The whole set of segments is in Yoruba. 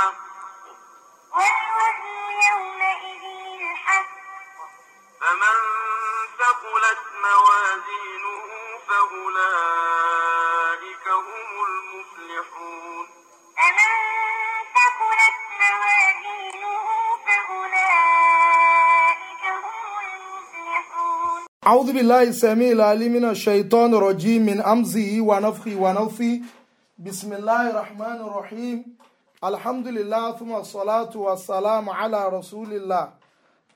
الحق والوزن يومئذ الحق فمن ثقلت موازينه فأولئك هم المفلحون فمن ثقلت موازينه فأولئك هم المفلحون أعوذ بالله السميع العليم من الشيطان الرجيم من أمزه ونفخه ونوفي بسم الله الرحمن الرحيم alhamdulillah thumma salatu wa salamu ala rasulillah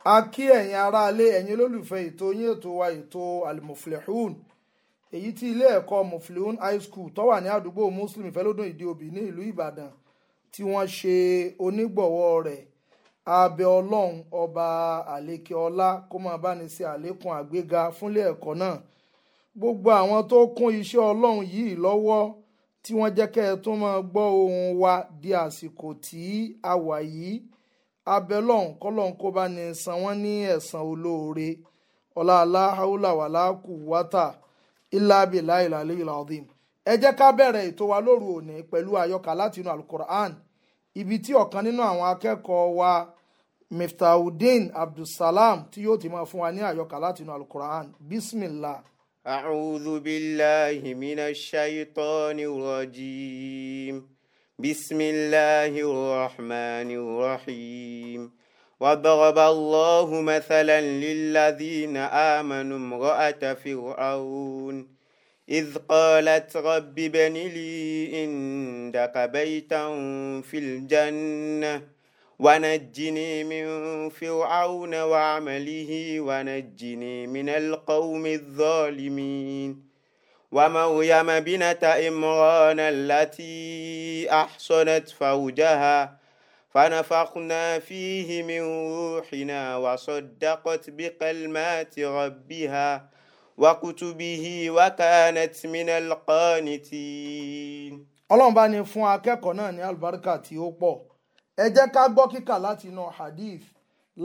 a kí ẹ̀yin aráalé ẹ̀yin olólùfẹ́ ètò yín ètò wa ètò almuflihun èyí tí ilé ẹ̀kọ́ muflihun high school tó wà ní àdúgbò muslim ìfẹ́lódún ìdí òbí ní ìlú ìbàdàn tí wọ́n ṣe onígbọ̀wọ́ rẹ̀ abẹ ọlọ́run ọba àlékè ọlá kó máa bá ní ṣe àlékún àgbéga fúnlé ẹ̀kọ́ náà gbogbo àwọn tó kún iṣẹ́ ọlọ́run yìí lọ́wọ́ tí wọ́n jẹ́ kẹ́ ẹ tún máa gbọ́ ohùn wa di àsìkò tí a wà yìí abẹ́lọ́hún kọ́lọ́hún kó bá ní san wọ́n ní ẹ̀san olóore ọ̀làlá haúlà wàlá kù wátà ìlàbí láìlà lẹ́yìn ẹ jẹ́ ká bẹ̀rẹ̀ ètò wa lóru òní pẹ̀lú àyọkà láti inú alukur'an ibi tí ọ̀kan nínú àwọn akẹ́kọ̀ọ́ wa miftaudeen abdulsalam tí yóò ti máa fún wa ní àyọkà láti inú alukur'an bismillah. أعوذ بالله من الشيطان الرجيم بسم الله الرحمن الرحيم وضرب الله مثلا للذين آمنوا امرأة فرعون إذ قالت رب ابن لي عندك بيتا في الجنة ونجني من فرعون وعمله ونجني من القوم الظالمين ومريم بنت إمران التي أحصنت فوجها فنفخنا فيه من روحنا وصدقت بكلمات ربها وكتبه وكانت من القانتين. ẹ jẹ́ ká gbọ́ kíkà láti inú hadith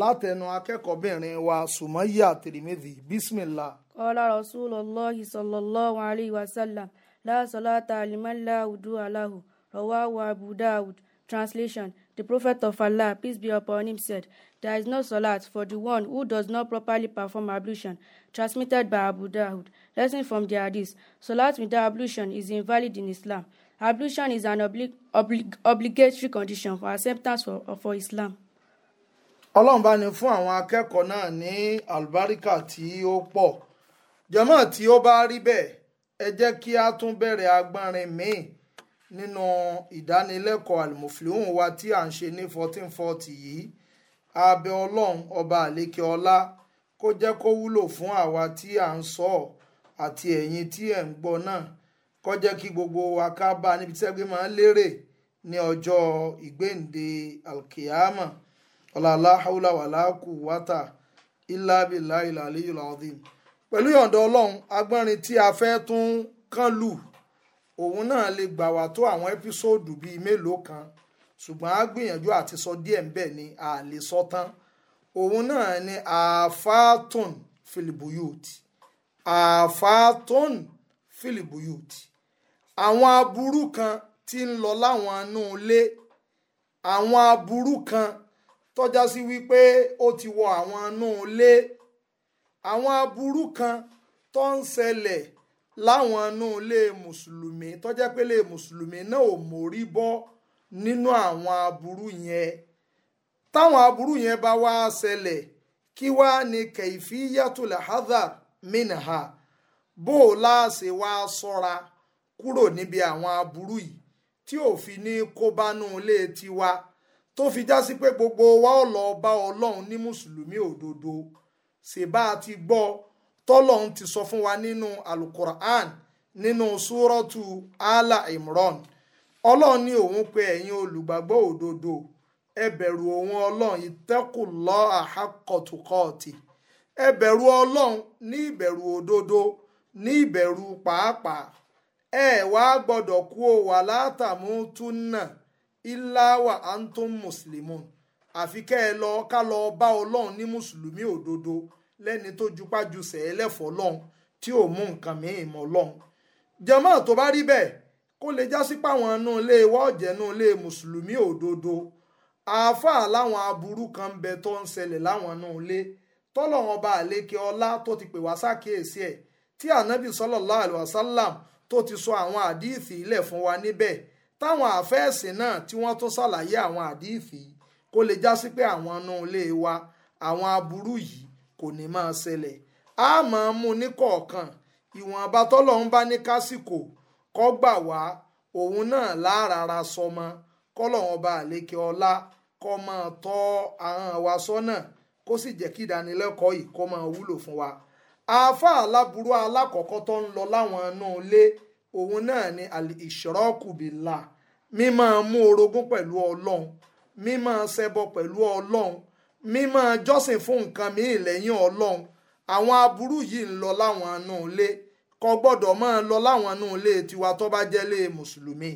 látẹnu akẹ́kọ̀ọ́bìnrin wa sùmọ́yà tìrìmẹ́dì bísmìlá. kọ́lá rasulullahi sallallahu alayhi wa sallam la salata liman la wudu alahu rawahu abu dawud translation the prophet of allah peace be upon him said there is no salat for the one who does not properly perform ablution transmitted by abu dawud lesson from the hadith salat without ablution is invalid in islam Ablution is an obli obli obligatory condition for acceptance for, for Islam. Ọlọ́run bá ní fún àwọn akẹ́kọ̀ọ́ náà ní àlùbáríkà tí ó pọ̀. Jọ̀mọ́ tí ó bá rí bẹ́ẹ̀, ẹ jẹ́ kí a tún bẹ̀rẹ̀ agbọ́nrin míì nínú ìdánilẹ́kọ̀ọ́ àlùmọ̀fìlìhùn wa tí à ń ṣe ní fourteen forty yìí. Abẹ Ọlọ́run ọba àlékè ọlá kó jẹ́ kó wúlò fún àwa tí à ń sọ àti ẹ̀yin tí ẹ̀ ń gbọ́ náà kó jẹ́ kí gbogbo wa ká bá níbi tí ẹgbẹ́ máa ń lérè ní ọjọ́ ìgbéǹde alkiyama ọ̀làlá haúlá wàlá kù wátà ilá bìlá ilà aliyu alazim pẹ̀lú yọ̀ǹda ọlọ́run agbọ́nrin tí a fẹ́ tún kán lù òun náà lè gbà wá tó àwọn ẹ́písòòdù bíi mélòó kan ṣùgbọ́n a gbìyànjú àti sọ díẹ̀ ńbẹ̀ ni a lè sọ tán òun náà ni àfàtún filibuyut àfàtún filibuyut àwọn aburú kan ti ń lọ láwọn inú ilé àwọn aburú kan tọ́já sí wípé ó ti wọ àwọn inú ilé àwọn aburú kan tó ń ṣẹlẹ̀ láwọn inú ilé mùsùlùmí tọ́já pé ilé mùsùlùmí náà ò mórí bọ́ nínú àwọn aburú yẹn táwọn aburú yẹn bá wá ṣẹlẹ̀ kí wá ní kẹ̀fíyàtúlẹ̀ hadar minha bó o láṣẹ wá sọ́ra. So kúrò níbi àwọn aburú yìí tí ò fi ní kó bánú ilé tiwa tó fi já sí pé gbogbo wa ó lọ bá ọlọ́run ní mùsùlùmí òdodo ṣèbá ti gbọ́ tọ́lọ́run ti sọ fún wa nínú alukur'an nínú súrọ́tù ala imran ọlọ́run ní òun pé ẹ̀yin olùgbàgbọ́ òdodo ẹ bẹ̀rù òun ọlọ́run ìtẹ́kùlọ́ àhákọ̀tùkọ̀ọ̀tì ẹ bẹ̀rù ọlọ́run ní ìbẹ̀rù òdodo ní ìbẹ̀rù pàápàá ẹ wá gbọdọ kú o wà látàmútúnà ìláwà antum muslimun àfi kẹ́ ẹ lọ ká lọ bá ọlọ́run ní mùsùlùmí òdodo lẹ́ni tó jupájú sẹ́ẹ̀lẹ̀ fọlọ́run tí ò mú nǹkan mìíràn mọ́ ọlọ́run jàmá tó bá rí bẹ́ẹ̀ kó lè jásí páwọn inú ilé wọ́ọ̀jẹ̀ inú ilé mùsùlùmí òdodo àáfàá láwọn aburú kan bẹ tó ń ṣẹlẹ̀ láwọn inú ilé tọ́lọ́wọ́n bá àlékè ọlá tó ti pè wá sákèésí ẹ̀ tí ànábì sallallahu alaihi tó ti sọ àwọn àdíìsì ilẹ̀ fún wa níbẹ̀ táwọn àfẹ́ẹ̀sìn náà tí wọ́n tún ṣàlàyé àwọn àdíìsì kó lè já sí pé àwọn inú ilé wa àwọn aburú yìí kò ní máa ṣẹlẹ̀ a máa mú ní kọ̀ọ̀kan ìwọ̀nba tọ́lọ́run bá ní kásìkò kọ́ gbà wá òun náà lárara sọmọ kọ́lọ́run ọba àlékè ọlá kọ́ máa tọ́ àwọn àwa sọ́nà kó sì jẹ́ kí ìdánilẹ́kọ̀ọ́ yìí kó máa wúlò fún wa. Afa aláburú alákọ̀ọ́kọ́ tó ń lọ láwọn inú ilé òun náà ni ìṣọ́rọ́kùbìlà mímọ́ mú orogún pẹ̀lú ọlọ́run mímọ́ ṣẹbọ pẹ̀lú ọlọ́run mímọ́ jọ́sìn fún nǹkan míì lẹ́yìn ọlọ́run àwọn aburú yìí ń lọ láwọn inú ilé kò gbọ́dọ̀ máa lọ láwọn inú ilé tiwa tó bá jẹ́ lé mùsùlùmí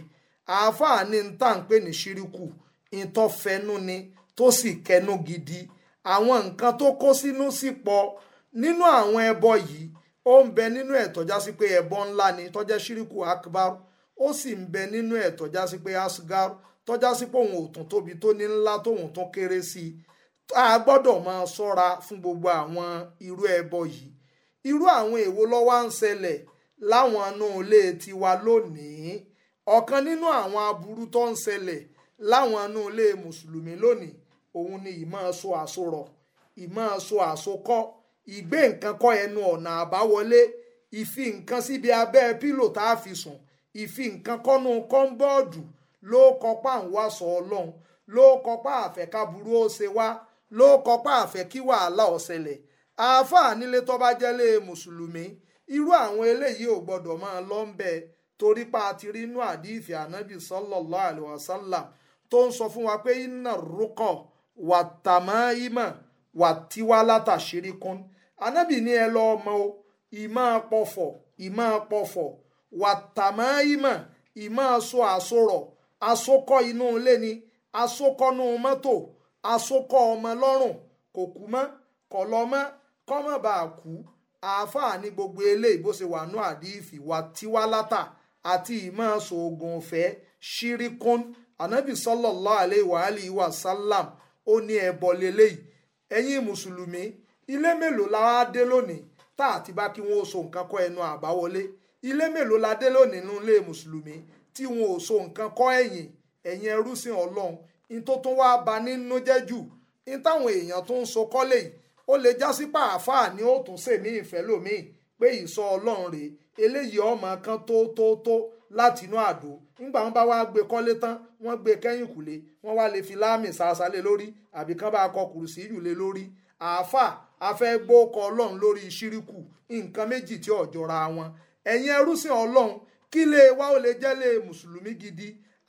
àáfàá ní n tá ń pè ní ṣíríkù ìtọ́fẹnú ni tó sì kẹnu gidi àwọn nǹkan tó kó sínú sípọ̀ si nínú àwọn ẹbọ yìí ó ń bẹ nínú ẹ̀ tọ́já sí pé ẹbọ ńlá ni tọ́jẹ́ ṣíríkù akbar ó sì ń bẹ nínú ẹ̀ tọ́já sí pé asgar tọ́já sí pé òun ò tún tóbi tó ní ńlá tóun tún kéré sí i a gbọ́dọ̀ máa ṣọ́ra fún gbogbo àwọn irú ẹbọ yìí irú àwọn èwo lọ́wọ́ ń ṣẹlẹ̀ láwọn inú ilé tiwa lónìí ọ̀kan nínú àwọn aburú tó ń ṣẹlẹ̀ láwọn inú ilé mùsùlùmí lónìí òun ni ìmọ̀ so àsorọ̀ ìmọ̀ so ìgbé nǹkan kọ́ ẹnu ọ̀nà àbáwọlé ìfi nǹkan síbi abẹ́ pílò tá a fi sùn ìfi nǹkan kọ́nu kọ́ńbọ́ọ̀dù ló kọpá ń wá sọ ọlọ́run ló kọpá àfẹ́ káburú ó ṣe wá ló kọpá àfẹ́ kí wàhálà ó àáfàá nílé tó jẹ́lé mùsùlùmí irú àwọn eléyìí lọ ń bẹ torí pa àti rí inú sallallahu tó ń sọ fún wa pé iná rúkọ̀ wàtíwá látàṣírí kún anábì ní ẹ lọ ọmọ o ìmọ̀ pọ̀fọ̀ ìmọ̀ pọ̀fọ̀ wàtàmọ́ ìmọ̀ ìmọ̀ aṣọ àsorọ̀ asokọ inú ilé ni asokọnu mọ́tò asokọ ọmọ lọ́rùn kò kú mọ́ kọ̀ lọ mọ́ kọ́mọ̀ bá a kú àáfàá ní gbogbo eléyìí bó ṣe wà ní àdìfì wà tiwá látà àti ìmọ̀ ṣoògùn ọ̀fẹ́ ṣíríkún anabi sallallahu alaihi wa alihi wa sallam ó ní ẹbọ lélẹ́yìí ẹ̀yin mùsùlùmí ilé mélòó la wá dé lónìí tá àti bá kí wọn ó so nǹkan kọ́ ẹnu àbáwọlé ilé mélòó la dé lónìí nínú ilé mùsùlùmí tí wọn ò so nǹkan kọ́ ẹ̀yìn ẹ̀yin ẹrúsìn ọlọ́run in tó tún wá ba nínú jẹ́ jù in táwọn èèyàn tó ń so kọ́lé yìí ó lè já sí pàáfàá ni ó tún sèmí ìfẹ́ lòmíì pé ìsọ ọlọ́run rèé eléyìí ọmọ kan tó tó tó látinú àdó ńgbà wọn bá wá gbé kọ́lé tán wọ́n gbé kẹ́yìn kùlé wọ́n wá lè fi láàmì sàásálẹ̀ lórí àbí kán bá kọ kùrùsí yù lé lórí àáfà afẹ́ gbókọ ọlọ́run lórí ṣíríkù nǹkan méjì tí ọ̀jọ̀ra wọn ẹ̀yin ẹrúsìn ọlọ́run kí lè wá ó lè jẹ́ mùsùlùmí gidi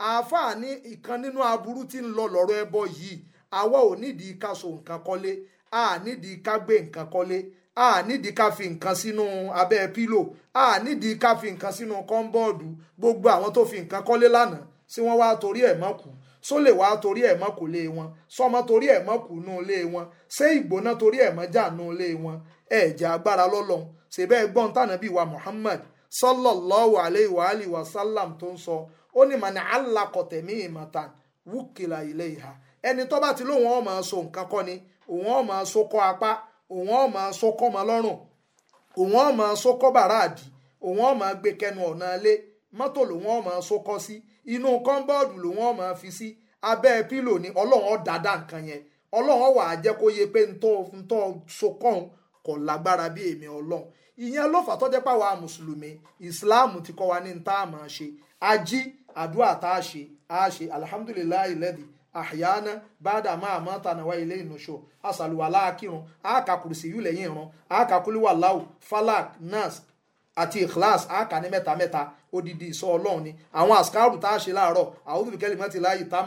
àáfà ní ìkan nínú aburú tí ń lọ lọ́rọ̀ ẹbọ yìí àwa ò nídìí ká so nǹkan kọ́lé a nídìí ká gbé nǹkan kọ́lé a nídìí ká fi nǹkan sínú abẹ́ pílò a nídìí ká fi nǹkan sínú kọ́ńbọ́ọ̀dù gbogbo àwọn tó fi nǹkan kọ́lé lánàá sí wọ́n wá torí ẹ̀ mọ́ kù só lè wá torí ẹ̀ mọ́ kò lé wọn sọmọ torí ẹ̀ mọ́ kù nù lé wọn ṣé ìgbóná torí ẹ̀ mọ́ jà nù lé wọn ẹ̀jẹ̀ agbára lọ́lọ́ ṣèbẹ́ ẹgbọ́n tànàbí wa Muhammad sallallahu alayhi wa alihi wa sallam tó ń sọ ó ní màní alákọ̀tẹ̀mí ìmọ̀tàn wúkìlà ilé ìhà ẹni tó bá ti lóun ọ̀ so nǹkan kọ́ ni òun ọ̀ máa so kọ́ apá òun ọ̀ máa sókọ́ ọmọ lọ́rùn òun ọ̀ máa sókọ́ bàrà àdì òun ọ̀ máa gbé kẹnu ọ̀nà ilé mọ́tò lòun ọ̀ máa sókọ́ sí inú kọ́ńbọ́ọ̀dù lòun ọ̀ máa fi sí abẹ́ pílò ni ọlọ́run ọ̀ nǹkan yẹn ọlọ́run jẹ́ kó yẹ pé ntọ́ kò lágbára bí èmi ọlọ́run ìyẹn ló fà tọ́jẹ́ pàwọ́ ti kọ́ wa ní ntá ṣe ají àdúrà tá a ṣe a ṣe alihamudulilayi lẹ́dìí àyáná báàdà máa mọ́ tànáwá ilé ìnúṣọ àṣàlùwàlá akírun àkàkùrù sí yúlẹ̀yìn ìrun àkàkùlùwà láwù falak nas àti ikhlas àkà ní mẹ́ta mẹ́ta odidi ìsọ ọlọ́run ni àwọn àṣkárù tá a ṣe láàárọ̀ àwọn òbí kẹ́lí mẹ́tì láàyè tá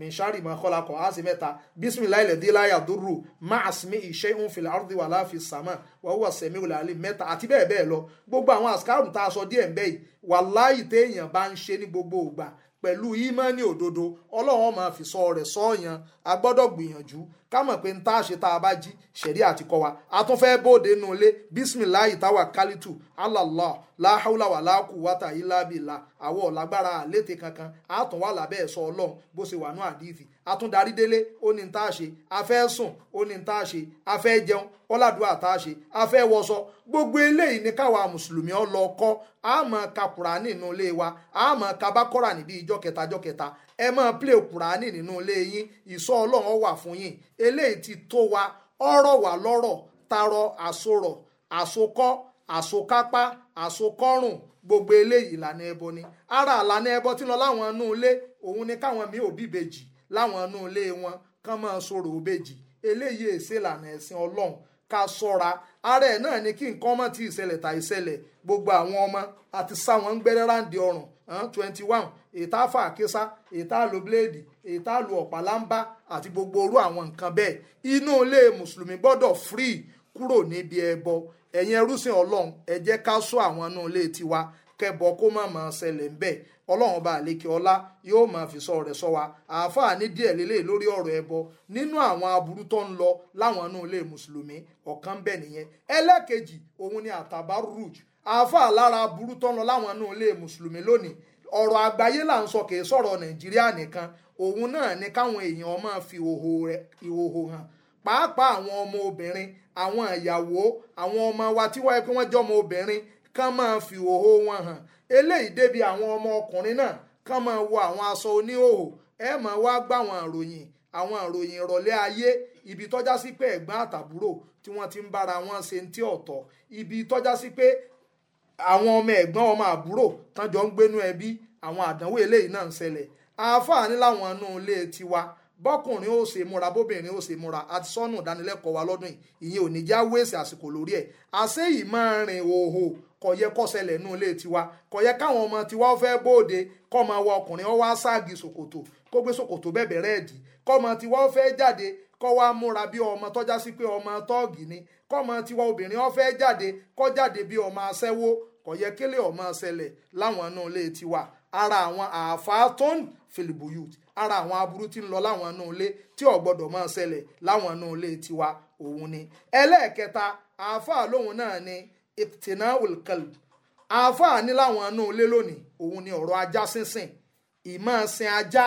mìṣárì máa kọ́la kọ́ á sì mẹ́ta bísímìláì lẹ̀dí láyà dúró máa sinmi ìṣe ń fi àrùdí wà láàfi sàmà wà wúwà sẹ̀mí wòlé àlè mẹ́ta àti bẹ́ẹ̀ bẹ́ẹ̀ lọ gbogbo àwọn àṣkárù tá a sọ díẹ̀ bẹ́ẹ̀ wà láyì téèyàn bá ń ṣe ní gbogbo ògbà pẹ̀lú ìmánì òdodo ọlọ́run máa fi sọ rẹ̀ sọ́ọ̀yàn a gbọ́dọ̀ gbìyànjú ká mọ̀ pé n tá ṣe tá a bá jí ṣẹ̀rí àti kọ́ wa a tún fẹ́ bóde nù lé bisimilayi táwa kálítù alàlá láhàúlà wà láàkú wátà ilábìlà àwọ̀ lágbára àlété kankan a tún wà lábẹ́ ẹ̀sọ́ ọlọ́run bó ṣe wà ní àdìsí a tún darí délé ó ní n tá a ṣe a fẹ́ sùn ó ní n ṣe a fẹ́ jẹun ọ̀làdúrà tá a ṣe a fẹ́ wọṣọ gbogbo eléyìí ni káwa mùsùlùmí ọ lọ kọ́ a máa ka kùránì nù lé wa a máa ka bákọ́rà níbi ìjọ kẹta jọ kẹta ẹ máa play kùránì nínú ilé yín ìsọ ọlọ́run wà fún yín eléyìí ti tó wa ọ̀rọ̀ wà lọ́rọ̀ tarọ àsorọ̀ àsokọ́ àsokápá àsokọ́rùn gbogbo eléyìí ìlànà ẹbọ ni ara ìlànà ẹbọ tí lọ láwọn inú ilé òun ni káwọn mi ò bíbejì láwọn inú ilé wọn kán máa sọ̀rọ̀ òbejì eléyìí èsè ìlànà ẹ̀sìn ọlọ́run ká sọ́ra ara ẹ̀ náà ni kí nǹkan ọmọ ti ìṣẹ̀lẹ̀ tà ìṣẹ̀lẹ̀ gbogbo àwọn ọmọ àti sáwọn ń gbẹ́rẹ́ ráǹdì ọrùn twenty one ètà fàákésá ètà lo bíléèdì ètà lo ọ̀pálámbá àti gbogbo orú àwọn nǹkan bẹ́ẹ̀ inú ilé mùsùlùmí gbọ́dọ̀ free kúrò níbi ẹbọ ẹ̀yin ẹrúsìn ọlọ́run ẹ jẹ́ ká sọ àwọn inú ilé tiwa kẹbọ kó má máa ṣẹlẹ̀ ń bẹ̀ ọlọ́run bá àlékè ọlá yóò máa fi sọ rẹ̀ sọ wa àáfàá ní díẹ̀ lélẹ̀ lórí ọ̀rọ̀ ẹbọ nínú àwọn aburú tó ń lọ láwọn inú ilé mùsùlùmí ọ̀kan bẹ́ẹ̀ nìyẹn ẹlẹ́kejì òun ni àtàbá rouge afa lára burú tó ń lọ láwọn inú ilé mùsùlùmí lónìí ọ̀rọ̀ àgbáyé là ń sọ kì sọ̀rọ̀ nàìjíríà nìkan òun náà ni káwọn èèyàn máa fi ìhòhò hàn pàápàá àwọn ọmọ obìnrin àwọn ìyàwó àwọn ọmọ wa tí wáyé pé wọ́n jọ ọmọ obìnrin kán máa fi ìhòhò wọn hàn eléyìí débi àwọn ọmọ ọkùnrin náà kán máa wọ àwọn aṣọ oníhòhò ẹ máa wá gbá àwọn àròyìn àwọn àròyìn ìrọ̀lẹ́ ibi tọ́já sí pé ẹ̀gbọ́n àtàbúrò tí wọ́n ti ibi tọ́já àwọn ọmọ ẹ̀gbọ́n ọmọ àbúrò tán jọ ń gbénú ẹbí àwọn àdánwò eléyìí náà ń ṣẹlẹ̀ àáfàá ní láwọn inú ilé tiwa bọ́kùnrin ó ṣe múra bóbìnrin ó ṣe múra àti sọ́nù ìdánilẹ́kọ̀ọ́ wa lọ́dún yìí ìyẹn ò ní já wéèsì àsìkò lórí ẹ̀ àṣé yìí máa rìn òhò kò yẹ kó ṣẹlẹ̀ nínú ilé tiwa kò yẹ káwọn ọmọ tiwa ó fẹ́ bóde kọ́ máa wọ ọkùnrin ó wá ságì ṣòkòtò kó gbé ṣòkòtò bẹ̀bẹ̀ rẹ́ẹ̀dì kọ́ ọmọ tiwa ó fẹ́ jáde kọ́ wá múra bí ọmọ tọ́já sí pé ọmọ tọ́ọ̀gì ni kọ́ ọmọ tiwa obìnrin ó fẹ́ jáde kọ́ jáde bí ọmọ aṣẹ́wó kò yẹ kélé ọmọ ṣẹlẹ̀ láwọn inú ilé tiwa ara àwọn àáfàá tó ń filibuyut ara àwọn aburú tí ń lọ láwọn inú ilé tí ò gbọdọ̀ máa ṣẹlẹ̀ láwọn inú ilé tiwa òun ni. ẹlẹ́ẹ̀kẹta àáfàá lóhun náà ni ìtìná wilkalb àáfàá ní láwọn inú ilé lónìí òun ni ọ̀rọ̀ ajá sínsìn ìmọ̀ sin ajá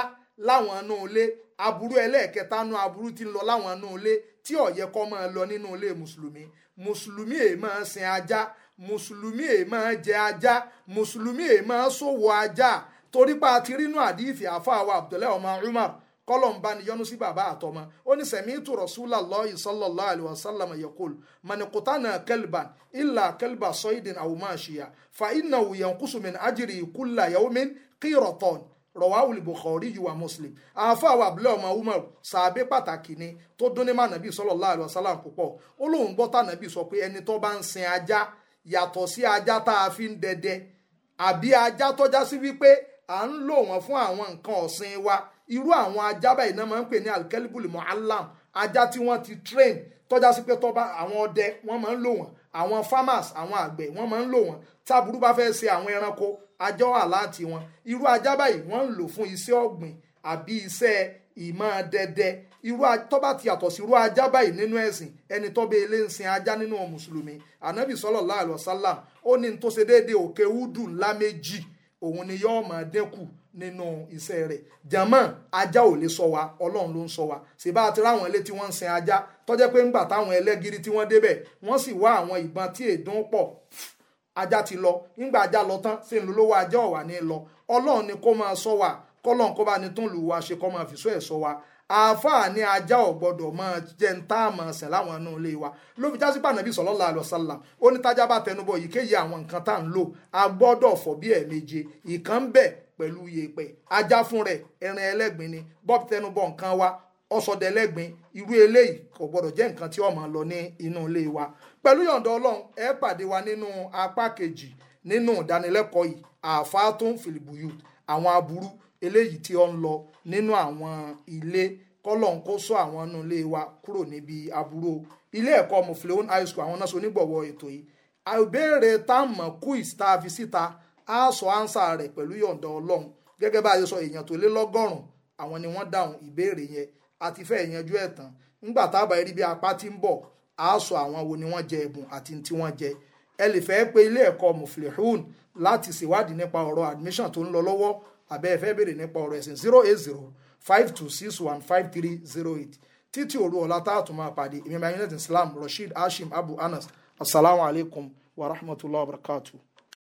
láwọn inú ilé aburú ẹlẹ́ẹ̀kẹta nú aburú tí ń lọ láwọn inú ilé tí ó máa lọ nínú ilé mùsùlùmí mùsùlùmí èèmọ̀ sin ajá mùsùlùmí èè máa jẹ ajá mùsùlùmí èè máa ṣòwò ajá torí pa ti rínú àdífì àfáà wa Abdullahi ọmọ Umar kọlọmba ni yọ́nú sí bàbá àtọmọ ó ní sẹmíìtù rọsúlà lọyìn sọlọlá àlùwà sálàmà yẹkùl mọnìkùtà náà kẹlban ìlà kẹlba sọyìdìn àwòmáṣìyà fa iná wùyàn kùsùmìn àjìrì ìkúlà yẹwùmín kírọtọn rọwáwùlì bukhari yuwa muslim àáfàá abúlé ọmọ umar sàbẹ pàtàkì ni tó dún ní mànàbí sọlọlá àlùwà sálàm púpọ̀ ó lóun gbọ́ tànàbí sọ pé ẹni tó bá ń sin ajá yàtọ̀ sí ajá tá a fi ń dẹdẹ àbí ajá tọ́já sí wípé à ń lò wọ́n fún àwọn nǹkan ọ̀sìn wa irú àwọn ajá báyìí náà máa ń pè ní alkelibul muallam ajá tí wọ́n ti train tọ́já sí pé tọ́ba àwọn ọdẹ wọ́n máa ń lò wọ́n àwọn farmers àwọn àgbẹ̀ wọ́n máa ń lò wọ́n táburú bá fẹ́ ṣe àwọn ẹranko ajá wà láti wọn irú ajá báyìí wọ́n ń lò fún iṣẹ́ ọ̀gbìn àbí iṣẹ́ ìmọ̀ dẹdẹ irú tó bá ti yàtọ̀ sí irú ajá báyìí nínú ẹ̀sìn ẹni tó ilé ń sin ajá nínú mùsùlùmí ànábì sallallahu alaihi wasallam ó ní tó ṣe déédéé òkè údù ńlá méjì òun ni yóò máa dẹ́kù nínú iṣẹ́ rẹ̀ jàmọ́ ajá ò lè sọ wa ọlọ́run ló ń sọ wa ṣèbá àti ráwọn ilé tí wọ́n ń sin ajá tọ́jẹ́ pé ńgbà táwọn ẹlẹ́gìrì tí wọ́n débẹ̀ wọ́n sì wá àwọn ìbọn tí èdùn pọ̀ ajá ti lọ ńgbà ajá lọ tán sí ń lówó ajá ọ̀wà ní lọ ọlọ́run ni kó máa sọ wa kọ́lọ́n kó bá ní tó ń lù wá ṣe kó máa fi sọ ẹ̀ sọ wa àáfàá ní ajá ò gbọdọ̀ mọ jẹ́ ń tá àmọ̀ sẹ̀ láwọn inú ilé wa ló jásí pàànàbí sallallahu alaihi wasallam ó ní tájá bá tẹnubọ̀ yìíkéyìí àwọn nǹkan tá à ń lò a gbọ́dọ̀ fọ̀ bí ẹ̀ẹ̀méje ìkan ń bẹ̀ pẹ̀lú yèèpẹ̀ ajá fún rẹ̀ ẹran ẹlẹ́gbin ni bob tẹnubọ̀ nǹkan wa ọ̀sọ̀dẹ̀lẹ́gbin irú eléyìí kò gbọdọ̀ jẹ́ nǹkan tí ó máa lọ ní inú ilé wa pẹ̀lú yọ̀ǹda ọlọ́run ẹ pàdé wa nínú apá kejì nínú ìdánilẹ́kọ̀ọ́ yìí àáfàá tó ń fìlìbù yù àwọn aburú eléyìí tí ó ń lọ nínú àwọn ilé kọ́lọ́n kó sọ àwọn inú ilé wa kúrò níbi aburú ilé ẹ̀kọ́ mufleon high school àwọn náà onígbọ̀wọ́ ètò yìí àbẹ̀rẹ̀ táàmù quiz tá a fi síta á sọ ánsà rẹ̀ pẹ̀lú yọ̀ǹda ọlọ́run gẹ́gẹ́ bá a ṣe sọ èèyàn tó lé lọ́gọ́rùn-ún àwọn ni wọ́n dáhùn ìbéèrè yẹn àti fẹ́ ìyanjú ẹ̀ tán nígbà tá a bá rí bí apá ti ń bọ̀ á sọ àwọn wo ni wọ́n jẹ ẹ̀bùn àti tí wọ́n jẹ ẹ lè fẹ́ pé ilé ẹ̀kọ́ mufleon láti ṣèwádìí nípa ọ̀rọ̀ admission tó ń lọ lọ́wọ́ abẹ́ ẹ fẹ́ béèrè nípa ọ̀rọ̀ ẹ̀sìn zero eight zero five two six one five three zero eight títí òru ọ̀la tá a tún máa pàdé ìmọ̀ united islam rasheed hashim abu anas asalaamualeykum wa rahmatulahi wa barakatuh.